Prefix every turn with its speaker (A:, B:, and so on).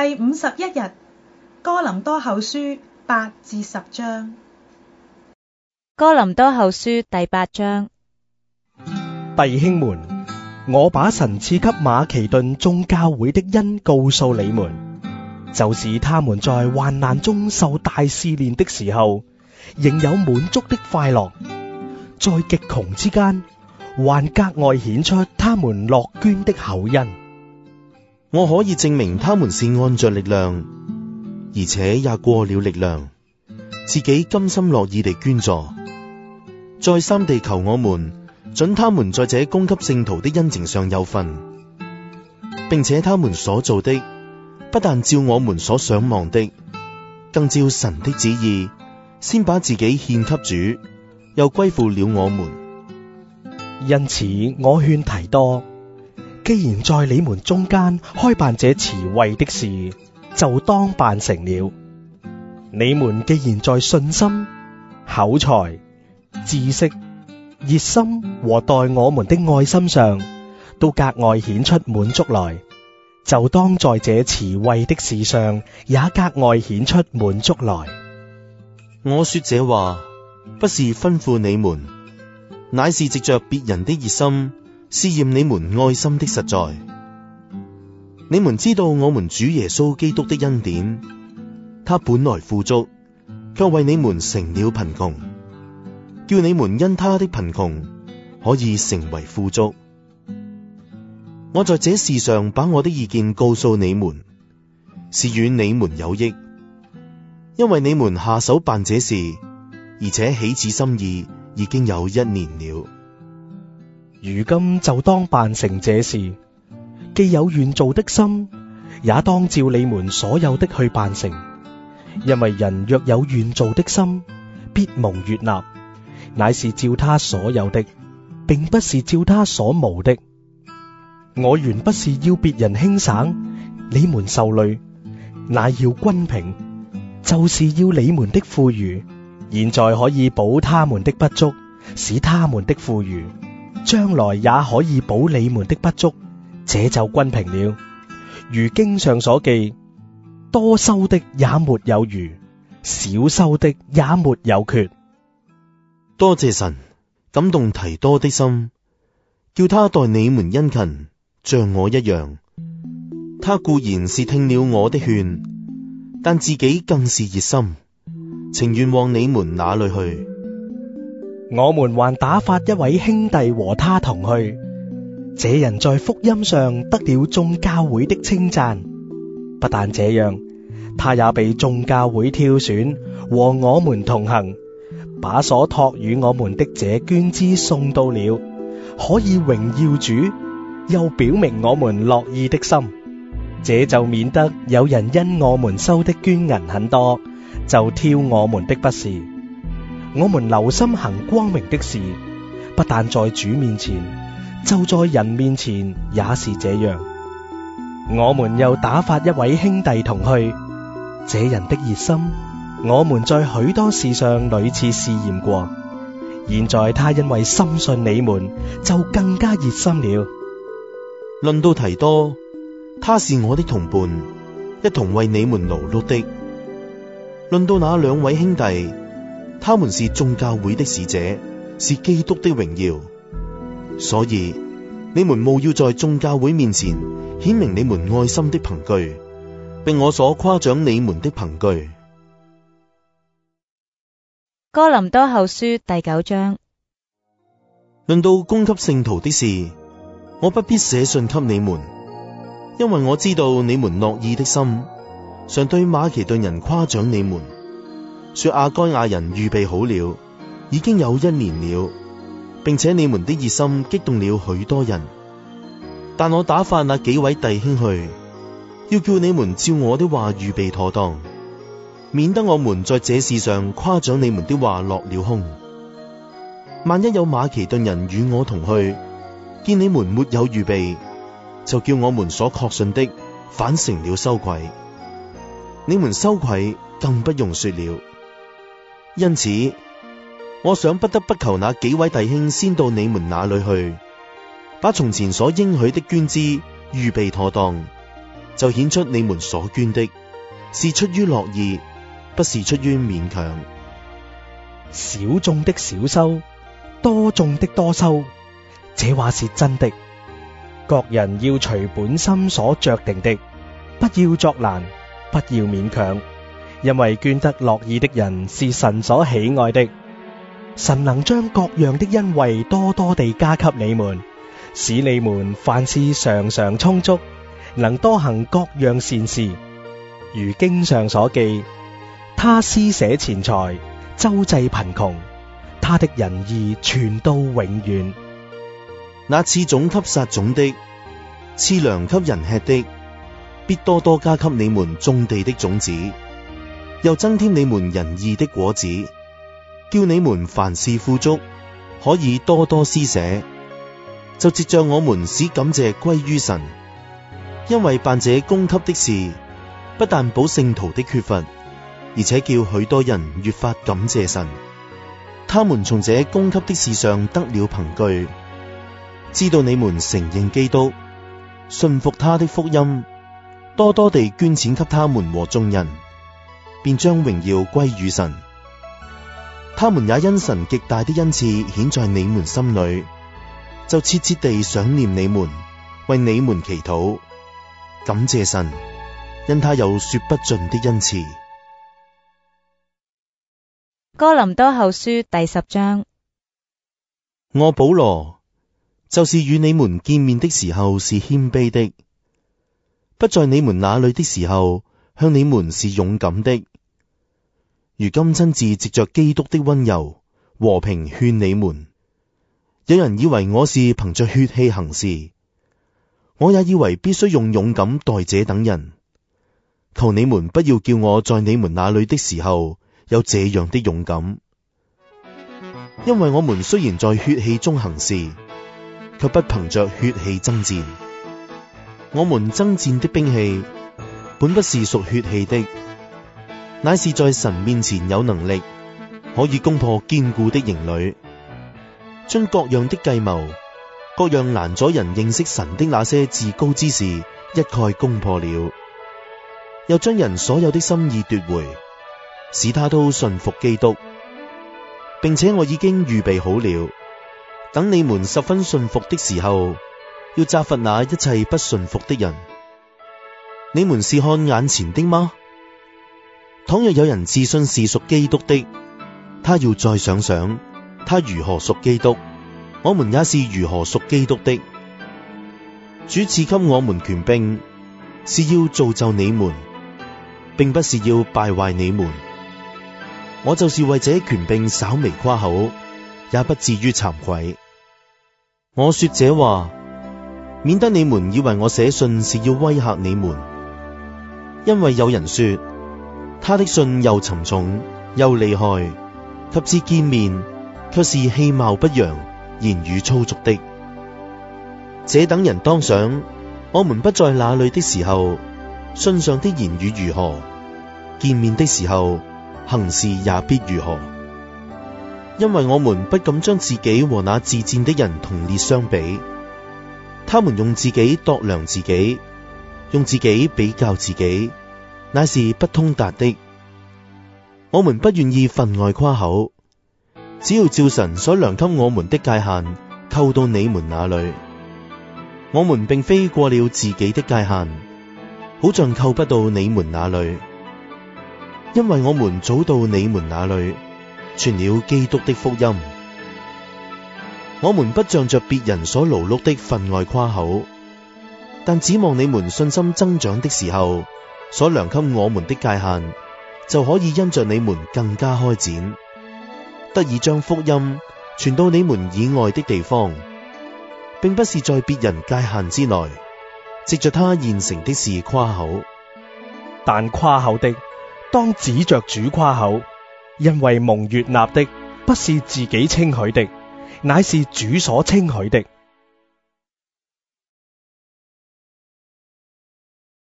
A: 第五十一日《哥林多後書》八至十章，《哥林多後書》第八章，弟兄們，我把神賜給馬其頓眾教會的恩告訴你們，就是他們在患難中受大試煉的時候，仍有滿足的快樂，在極窮之間，還格外顯出他們樂捐的厚恩。我
B: 可以證明他們是按著力量，而且也過了力量，自己甘心樂意地捐助，再三地求我們准他們在這供給聖徒的恩情上有份，並且他們所做的不但照我們所想望的，更照神的旨意，
A: 先把自己獻給主，又歸附了我們。因此我勸提多。既然在你們中間開辦這慈惠的事，就當辦成了。你們既然在信心、口才、知識、熱心和待我們的愛心上都格外顯出滿足來，就當在這慈惠的事上也格外顯出滿足來。
B: 我說這話不是吩咐你們，乃是藉着別人的熱心。試驗你們愛心的實在，你們知道我們主耶穌基督的恩典，他本來富足，卻為你們成了貧窮，叫你們因他的貧窮可以成為富足。我在這事上把我的意見告訴你們，是與你們有益，因為你們下手辦這事，而且起此心意已經有一年了。
A: 如今就當辦成這事，既有願做的心，也當照你們所有的去辦成。因為人若有願做的心，必蒙悅納，乃是照他所有的，並不是照他所無的。我原不是要別人輕省你們受累，乃要均平，就是要你們的富裕，現在可以補他們的不足，使他們的富裕。將來也可以補你們的不足，這就均平了。如經上所記，多收的也沒有餘，少收的也沒有缺。多謝神，感動提多的
B: 心，叫他待你們殷勤，像我一樣。他固然是聽了我的勸，但自己更是熱心，
A: 情願往你們那裏去。我們還打發一位兄弟和他同去，這人在福音上得了眾教會的稱讚。不但這樣，他也被眾教會挑選，和我們同行，把所託與我們的這捐資送到了，可以榮耀主，又表明我們樂意的心。這就免得有人因我們收的捐銀很多，就挑我們的不是。我們留心行光明的事，不但在主面前，就在人面前，也是這樣。我們又打發一位兄弟同去，這人的熱心，我們在許多事上屢次試驗過。現在他因為深信你們，就更加熱心了。論到提多，他是
B: 我的同伴，一同為你們勞碌的。論到那兩位兄弟。他們是眾教會的使者，是基督的榮耀，所以你們務要在眾教會面前顯明你們愛心的憑據，並我所誇獎你們的憑據。
A: 哥林多後書第九章。
B: 論到供給聖徒的事，我不必寫信給你們，因為我知道你們樂意的心，常對馬其頓人誇獎你們。說阿該亞人預備好了，已經有一年了，並且你們的熱心激動了許多人。但我打發那幾位弟兄去，要叫你們照我的話預備妥當，免得我們在這事上誇獎你們的話落了空。萬一有馬其頓人與我同去，見你們沒有預備，就叫我們所確信的反成了羞愧。你們羞愧更不用說了。因此，我想不得不求那幾位弟兄先到你們那裏去，把從前所應許的捐資預備妥當，就顯出你們所捐的是出於樂意，不是出於勉強。
A: 少種的少收，多種的多收，這話是真的。各人要隨本心所着定的，不要作難，不要勉強。因為捐得樂意的人是神所喜愛的，神能將各樣的恩惠多多地加給你們，使你們凡事常常充足，能多行各樣善事。如經上所記，他施捨錢財，周濟貧窮，他的仁義全都永遠。
B: 那賜種給撒種的，賜糧給人吃的，必多多加給你們種地的種子。又增添你們仁義的果子，叫你們凡事富足，可以多多施捨。就藉着我們使感謝歸於神，因為辦這供給的事，不但補聖徒的缺乏，而且叫許多人越發感謝神。他們從這供給的事上得了憑據，知道你們承認基督，信服他的福音，多多地捐錢給他們和眾人。便將榮耀歸於神，他們也因神極大的恩賜顯在你們心裏，就切切地想念你們，為你們祈禱，感謝神，因他有說不盡的恩賜。
A: 哥林多後書第十章，
B: 我保羅就是與你們見面的時候是謙卑的，
A: 不在
B: 你們那裏的時候。向你們是勇敢的，如今親自藉着基督的温柔和平勸你們。有人以為我是憑着血氣行事，我也以為必須用勇敢待這等人。求你們不要叫我，在你們那裏的時候有這樣的勇敢，因為我們雖然在血氣中行事，却不憑着血氣爭戰。我們爭戰的兵器，本不是屬血氣的，乃是在神面前有能力，可以攻破堅固的營壘，將各樣的計謀、各樣攔阻人認識神的那些至高之事，一概攻破了，又將人所有的心意奪回，使他都信服基督，並且我已經預備好了，等你們十分信服的時候，要責罰那一切不信服的人。你們是看眼前的嗎？倘若有人自信是屬基督的，他要再想想，他如何屬基督，我們也是如何屬基督的。主賜給我們權柄，是要造就你們，並不是要敗壞你們。我就是為這權柄稍微誇口，也不至於慚愧。我說這話，免得你們以為我寫信是要威嚇你們。因為有人說他的信又沉重又厲害，及至見面卻是氣貌不揚、言語粗俗的。這等人當想：我們不在那裏的時候，信上的言語如何？見面的時候，行事也必如何？因為我們不敢將自己和那自薦的人同列相比。他們用自己度量自己，用自己比較自己。乃是不通達的。我們不願意分外誇口，只要照神所量給我們的界限，扣到你們那裏。我們並非過了自己的界限，好像扣不到你們那裏，因為我們早到你們那裏，傳了基督的福音。我們不仗着別人所勞碌的分外誇口，但指望你們信心增長的時候。所量給我們的界限，就可以因着你們更加開展，得以將福音傳到你們以外的地方，並不是在別人界限之內，藉着他現成的事誇
A: 口，但誇口的當指着主誇口，因為蒙悅納的不是自己稱許的，乃是主所稱許的。